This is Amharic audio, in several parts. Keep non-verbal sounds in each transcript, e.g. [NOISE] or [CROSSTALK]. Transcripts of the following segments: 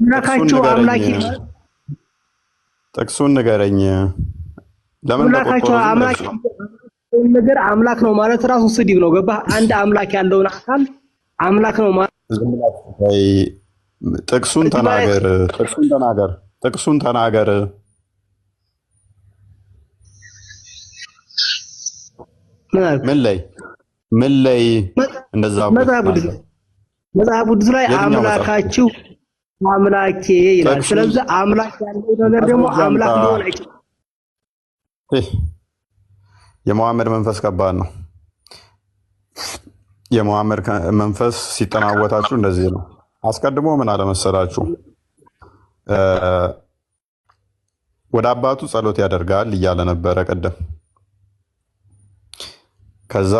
አምላካችሁ አምላኪ ጥቅሱን ንገረኝ። ለምን ነገር አምላክ ነው ማለት ራሱ ስድብ ነው። ገባህ? አንድ አምላክ ያለውን አካል አምላክ ነው ማለት ጥቅሱን ተናገር፣ ጥቅሱን ተናገር፣ ጥቅሱን ተናገር። ምን ላይ ምን ላይ እንደዛ መጽሐፍ ቅዱስ ላይ አምላካችሁ አምላኬ ይላል። ስለዚህ አምላክ ያለው ነገር ደግሞ አምላክ ሊሆን አይችልም። የመሐመድ መንፈስ ከባድ ነው። የመሐመድ መንፈስ ሲጠናወታችሁ እንደዚህ ነው። አስቀድሞ ምን አለመሰላችሁ ወደ አባቱ ጸሎት ያደርጋል እያለ ነበረ ቅድም። ከዛ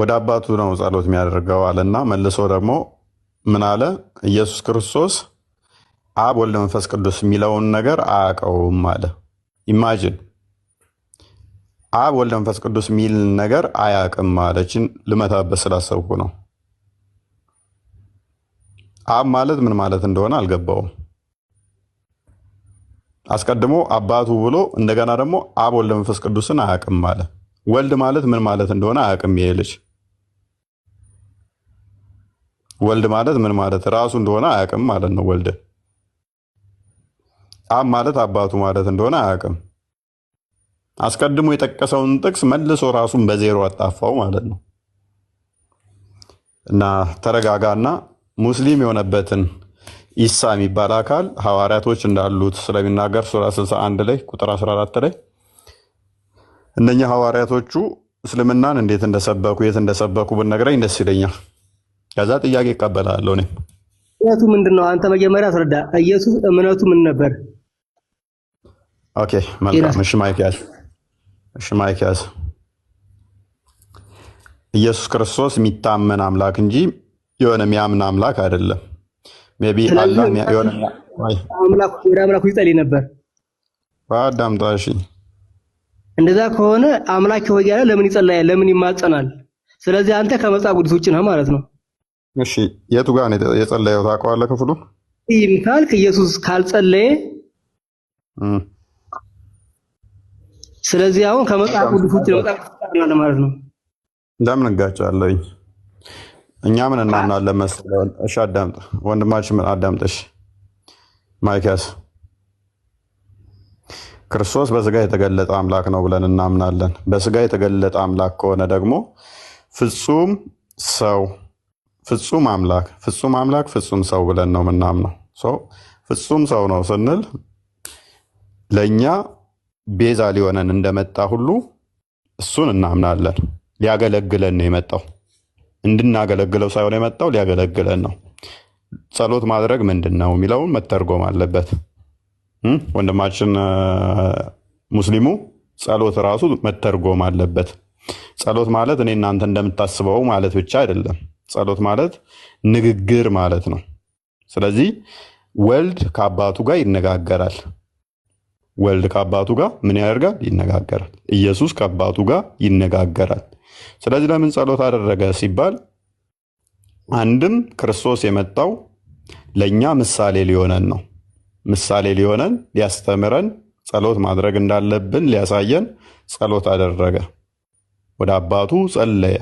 ወደ አባቱ ነው ጸሎት የሚያደርገው አለና መልሶ ደግሞ ምን አለ ኢየሱስ ክርስቶስ አብ ወልድ መንፈስ ቅዱስ የሚለውን ነገር አያውቀውም አለ። ኢማጅን አብ ወልድ መንፈስ ቅዱስ የሚል ነገር አያውቅም ማለችን ልመታበት ስላሰብኩ ነው። አብ ማለት ምን ማለት እንደሆነ አልገባውም። አስቀድሞ አባቱ ብሎ እንደገና ደግሞ አብ ወልድ መንፈስ ቅዱስን አያውቅም አለ። ወልድ ማለት ምን ማለት እንደሆነ አያውቅም ይሄ ልጅ። ወልድ ማለት ምን ማለት ራሱ እንደሆነ አያውቅም ማለት ነው። ወልድ አብ ማለት አባቱ ማለት እንደሆነ አያውቅም። አስቀድሞ የጠቀሰውን ጥቅስ መልሶ ራሱን በዜሮ አጣፋው ማለት ነው። እና ተረጋጋና ሙስሊም የሆነበትን ኢሳ የሚባል አካል ሐዋርያቶች እንዳሉት ስለሚናገር ሱራ 61 ላይ ቁጥር 14 ላይ እነኛ ሐዋርያቶቹ እስልምናን እንዴት እንደሰበኩ የት እንደሰበኩ ብነግረኝ ደስ ይለኛል። ከዛ ጥያቄ ይቀበላለሁ። እኔ እምነቱ ምንድን ነው? አንተ መጀመሪያ አስረዳ። ኢየሱስ እምነቱ ምን ነበር? ኦኬ መልካም። እሺ ማይክ ያዝ፣ እሺ ማይክ ያዝ። ኢየሱስ ክርስቶስ የሚታመን አምላክ እንጂ የሆነ የሚያምን አምላክ አይደለም። ሜይ ቢ አላህ የሆነ አምላክ አምላኩ ይጸልይ ነበር። አዳምጣ እሺ። እንደዛ ከሆነ አምላክ ሆይ ያለ ለምን ይጸልያል? ለምን ይማጸናል? ስለዚህ አንተ ከመጽሐፍ ቅዱስ ውጭ ነህ ማለት ነው። እሺ የቱ ጋር ነው የጸለየው? ታውቀዋለህ ክፍሉ ይህም ካልክ ኢየሱስ ካልጸለየ ስለዚህ አሁን ከመጽሐፍ ቅዱስ ውጭ መጽሐፍ ማለት ነው። እንደምን እንጋጫለኝ? እኛ ምን እናምናለን መሰለህ? እሺ አዳምጥ ወንድማችን፣ ምን አዳምጥሽ ማይካስ ክርስቶስ በስጋ የተገለጠ አምላክ ነው ብለን እናምናለን። በስጋ የተገለጠ አምላክ ከሆነ ደግሞ ፍጹም ሰው ፍጹም አምላክ ፍጹም አምላክ ፍጹም ሰው ብለን ነው የምናምነው። ፍጹም ሰው ነው ስንል ለእኛ ቤዛ ሊሆነን እንደመጣ ሁሉ እሱን እናምናለን። ሊያገለግለን ነው የመጣው፣ እንድናገለግለው ሳይሆን የመጣው ሊያገለግለን ነው። ጸሎት ማድረግ ምንድን ነው የሚለውን መተርጎም አለበት። ወንድማችን ሙስሊሙ ጸሎት ራሱ መተርጎም አለበት። ጸሎት ማለት እኔ እናንተ እንደምታስበው ማለት ብቻ አይደለም። ጸሎት ማለት ንግግር ማለት ነው። ስለዚህ ወልድ ከአባቱ ጋር ይነጋገራል። ወልድ ከአባቱ ጋር ምን ያደርጋል? ይነጋገራል። ኢየሱስ ከአባቱ ጋር ይነጋገራል። ስለዚህ ለምን ጸሎት አደረገ ሲባል አንድም ክርስቶስ የመጣው ለእኛ ምሳሌ ሊሆነን ነው። ምሳሌ ሊሆነን ሊያስተምረን፣ ጸሎት ማድረግ እንዳለብን ሊያሳየን ጸሎት አደረገ። ወደ አባቱ ጸለየ።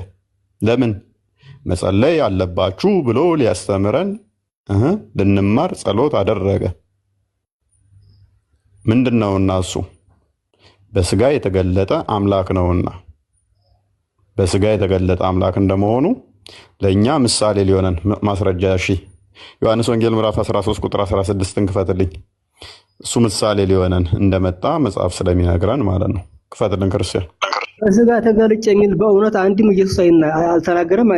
ለምን መጸለይ አለባችሁ ብሎ ሊያስተምረን ልንማር ጸሎት አደረገ። ምንድነውና እሱ በስጋ የተገለጠ አምላክ ነውና በስጋ የተገለጠ አምላክ እንደመሆኑ ለእኛ ምሳሌ ሊሆነን ማስረጃ። ሺ ዮሐንስ ወንጌል ምዕራፍ 13 ቁጥር 16ን ክፈትልኝ። እሱ ምሳሌ ሊሆነን እንደመጣ መጽሐፍ ስለሚነግረን ማለት ነው። ክፈትልን ክርስቲያን። በስጋ ተገልጬ የሚል በእውነት አንድም ኢየሱስ አልተናገረም።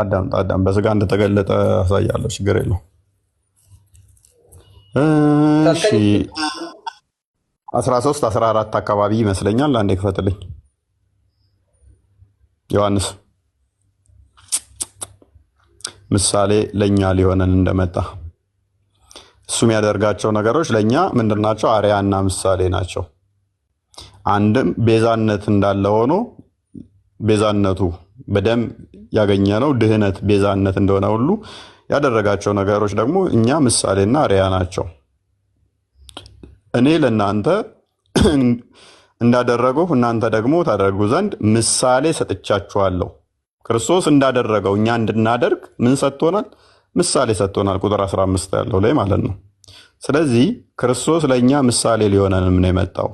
አዳምጣ አዳም በስጋ እንደተገለጠ አሳያለሁ። ችግር የለው። እሺ 13 14 አካባቢ ይመስለኛል። አንዴ ክፈትልኝ ዮሐንስ ምሳሌ ለእኛ ሊሆነን እንደመጣ እሱም ያደርጋቸው ነገሮች ለእኛ ምንድን ናቸው? አርያና ምሳሌ ናቸው። አንድም ቤዛነት እንዳለ ሆኖ ቤዛነቱ በደም ያገኘነው ድህነት ቤዛነት እንደሆነ ሁሉ ያደረጋቸው ነገሮች ደግሞ እኛ ምሳሌና ሪያ ናቸው። እኔ ለእናንተ [CLEARS THROAT] እንዳደረገው እናንተ ደግሞ ታደርጉ ዘንድ ምሳሌ ሰጥቻችኋለሁ። ክርስቶስ እንዳደረገው እኛ እንድናደርግ ምን ሰጥቶናል? ምሳሌ ሰጥቶናል። ቁጥር 15 ያለው ላይ ማለት ነው። ስለዚህ ክርስቶስ ለእኛ ምሳሌ ሊሆነንም ነው የመጣው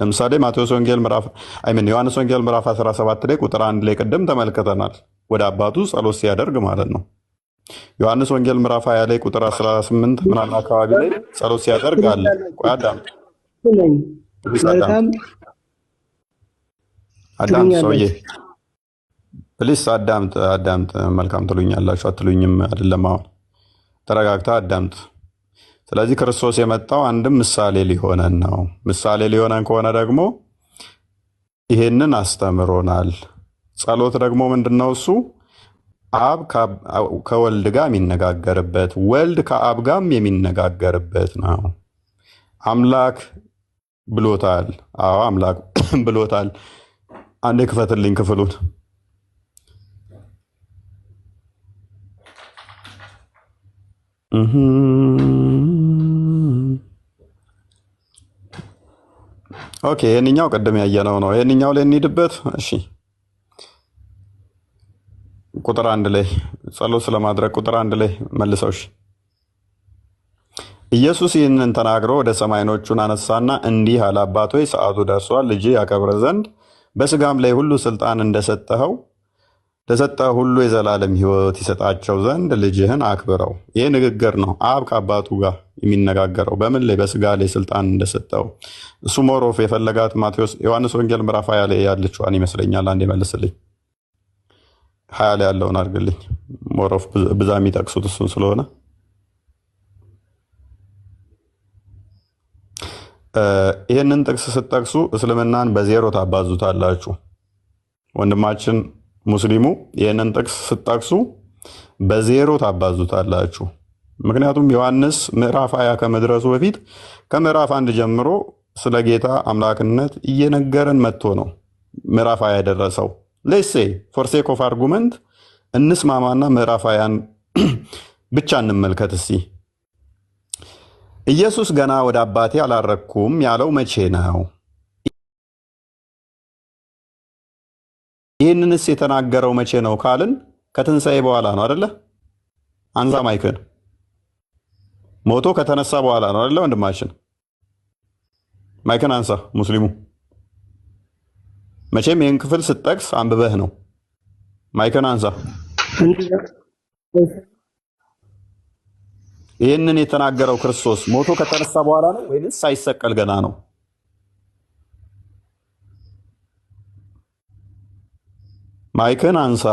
ለምሳሌ ማቴዎስ ወንጌል ምዕራፍ ዮሐንስ ወንጌል ምዕራፍ 17 ላይ ቁጥር አንድ ላይ ቅድም ተመልክተናል። ወደ አባቱ ጸሎት ሲያደርግ ማለት ነው። ዮሐንስ ወንጌል ምዕራፍ 20 ላይ ቁጥር 18 ምናምን አካባቢ ላይ ጸሎት ሲያደርግ አለ። ቆይ አዳም አዳም ሰውዬ ፕሊስ አዳምጥ አዳምጥ። መልካም ትሉኛላችሁ አትሉኝም? አይደለም አሁን ተረጋግታ አዳምጥ ስለዚህ ክርስቶስ የመጣው አንድም ምሳሌ ሊሆነን ነው። ምሳሌ ሊሆነን ከሆነ ደግሞ ይሄንን አስተምሮናል። ጸሎት ደግሞ ምንድን ነው? እሱ አብ ከወልድ ጋር የሚነጋገርበት ወልድ ከአብ ጋርም የሚነጋገርበት ነው። አምላክ ብሎታል። አዎ አምላክ [CLEARS THROAT] ብሎታል። አንዴ ክፈትልኝ ክፍሉን ኦኬ ይህንኛው ቅድም ያየነው ነው። ይህንኛው ላይ እንሂድበት። እሺ ቁጥር አንድ ላይ ጸሎት ስለማድረግ ቁጥር አንድ ላይ መልሰው። እሺ ኢየሱስ ይህንን ተናግሮ ወደ ሰማይ ዓይኖቹን አነሳና እንዲህ አለ፣ አባት ሆይ ሰዓቱ ደርሷል፣ ልጅ ያከብረ ዘንድ በስጋም ላይ ሁሉ ስልጣን እንደሰጠኸው ለሰጠ ሁሉ የዘላለም ህይወት ይሰጣቸው ዘንድ ልጅህን አክብረው። ይህ ንግግር ነው አብ ከአባቱ ጋር የሚነጋገረው በምን ላይ? በስጋ ላይ ስልጣን እንደሰጠው እሱ ሞሮፍ የፈለጋት ማቴዎስ ዮሐንስ ወንጌል ምዕራፍ ሀያ ላይ ያለችዋን ይመስለኛል። አንድ መልስልኝ፣ ሀያ ላይ ያለውን አድርግልኝ። ሞሮፍ ብዛ የሚጠቅሱት እሱን ስለሆነ ይህንን ጥቅስ ስትጠቅሱ እስልምናን በዜሮ ታባዙታላችሁ። ወንድማችን ሙስሊሙ ይህንን ጥቅስ ስጠቅሱ በዜሮ ታባዙታላችሁ። ምክንያቱም ዮሐንስ ምዕራፍ ሀያ ከመድረሱ በፊት ከምዕራፍ አንድ ጀምሮ ስለ ጌታ አምላክነት እየነገረን መጥቶ ነው ምዕራፍ ሀያ ያደረሰው። ሌሴ ፎርሴክ ኦፍ አርጉመንት እንስማማና ምዕራፍ ሀያን [CLEARS THROAT] ብቻ እንመልከት እስኪ። ኢየሱስ ገና ወደ አባቴ አላረኩም ያለው መቼ ነው? ይህንንስ የተናገረው መቼ ነው ካልን ከትንሣኤ በኋላ ነው አደለ? አንዛ ማይክን ሞቶ ከተነሳ በኋላ ነው አደለ? ወንድማችን ማይክን አንሳ። ሙስሊሙ መቼም ይህን ክፍል ስጠቅስ አንብበህ ነው። ማይክን አንሳ። ይህንን የተናገረው ክርስቶስ ሞቶ ከተነሳ በኋላ ነው ወይንስ ሳይሰቀል ገና ነው? ማይክን አንሳ።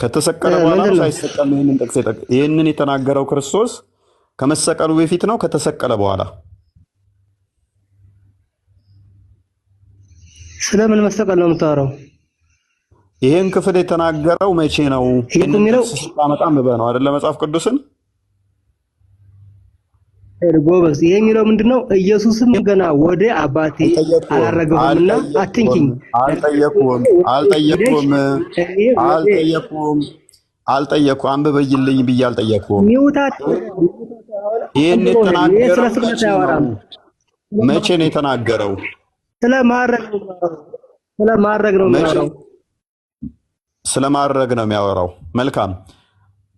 ከተሰቀለ በኋላ ሳይሰቀል ይህንን ጥቅስ ይህንን የተናገረው ክርስቶስ ከመሰቀሉ በፊት ነው ከተሰቀለ በኋላ? ስለምን መሰቀል ነው የምታወራው? ይህን ክፍል የተናገረው መቼ ነው? የሚለው በጣም ነው አደለ መጽሐፍ ቅዱስን ጎበዝ ይሄ የሚለው ምንድነው? ኢየሱስም ገና ወደ አባቴ አላረገውምና አትንኪኝ። አልጠየቁም አልጠየቁም አልጠየቁም አልጠየቁ አንብበይልኝ ብዬ አልጠየቁም። ይህን የተናገረው መቼ ነው የተናገረው? ስለማድረግ ነው የሚያወራው። ስለማድረግ ነው የሚያወራው። መልካም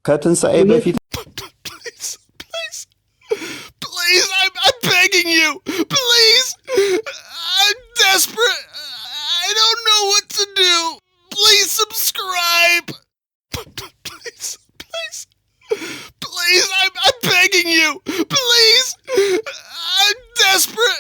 ከትንሣኤ በፊት begging you, please. I'm desperate. I don't know what to do. Please subscribe. please, please, please. I'm, I'm begging you, please. I'm desperate.